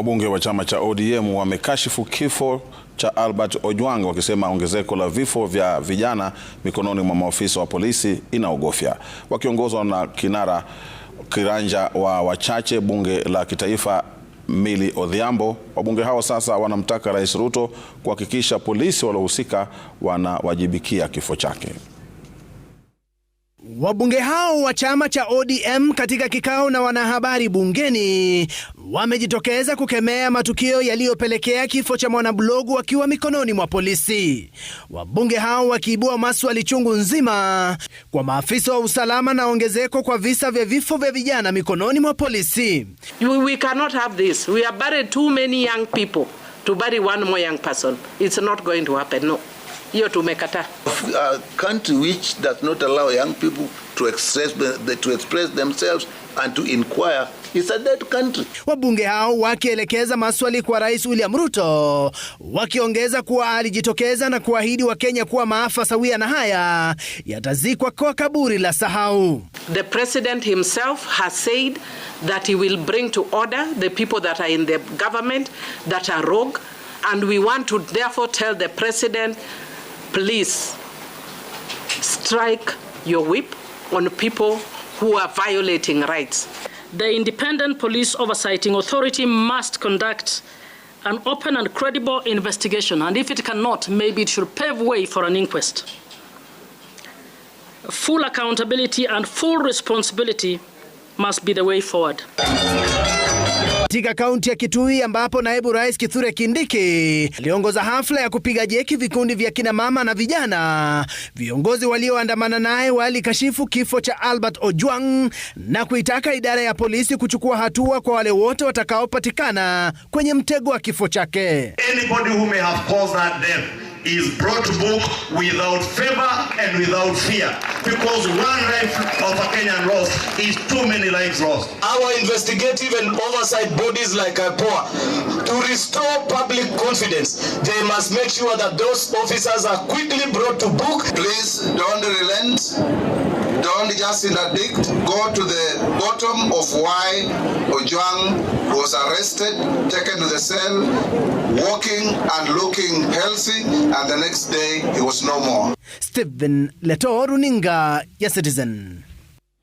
wabunge wa chama cha ODM wamekashifu kifo cha Albert Ojwang wakisema ongezeko la vifo vya vijana mikononi mwa maafisa wa polisi inaogofya. Wakiongozwa na kinara kiranja wa wachache bunge la kitaifa mili Odhiambo, wabunge hao sasa wanamtaka Rais Ruto kuhakikisha polisi waliohusika wanawajibikia kifo chake. Wabunge hao wa chama cha ODM katika kikao na wanahabari bungeni wamejitokeza kukemea matukio yaliyopelekea kifo cha mwanablogu akiwa mikononi mwa polisi. Wabunge hao wakiibua maswali chungu nzima kwa maafisa wa usalama na ongezeko kwa visa vya vifo vya vijana mikononi mwa polisi. We cannot have this. We are buried too many young people to bury one more young person. It's not going to happen. No hiyo tumekataa. A country which does not allow young people to express, to express themselves and to inquire is a dead country. Wabunge hao wakielekeza maswali kwa Rais William Ruto, wakiongeza kuwa alijitokeza na kuahidi Wakenya kuwa maafa sawia na haya yatazikwa kwa kaburi la sahau. The president himself has said that he will bring to order the people that are in the government that are rogue and we want to therefore tell the president Please strike your whip on people who are violating rights. The Independent Police Oversighting Authority must conduct an open and credible investigation, and if it cannot, maybe it should pave way for an inquest. Full accountability and full responsibility must be the way forward. katika kaunti ya Kitui ambapo naibu rais Kithure Kindiki aliongoza hafla ya kupiga jeki vikundi vya kina mama na vijana. Viongozi walioandamana naye walikashifu kifo cha Albert Ojwang na kuitaka idara ya polisi kuchukua hatua kwa wale wote watakaopatikana kwenye mtego wa kifo chake. is brought book without favor and without fear because one life of a Kenyan lost is too many lives lost. Our investigative and oversight bodies like IPOA restore public confidence, they must make sure that those officers are quickly brought to book. Please don't relent. Don't just interdict. Go to the bottom of why Ojuang was arrested, taken to the cell, walking and looking healthy, and the next day he was no more. Stephen Leto, runinga yes, Citizen.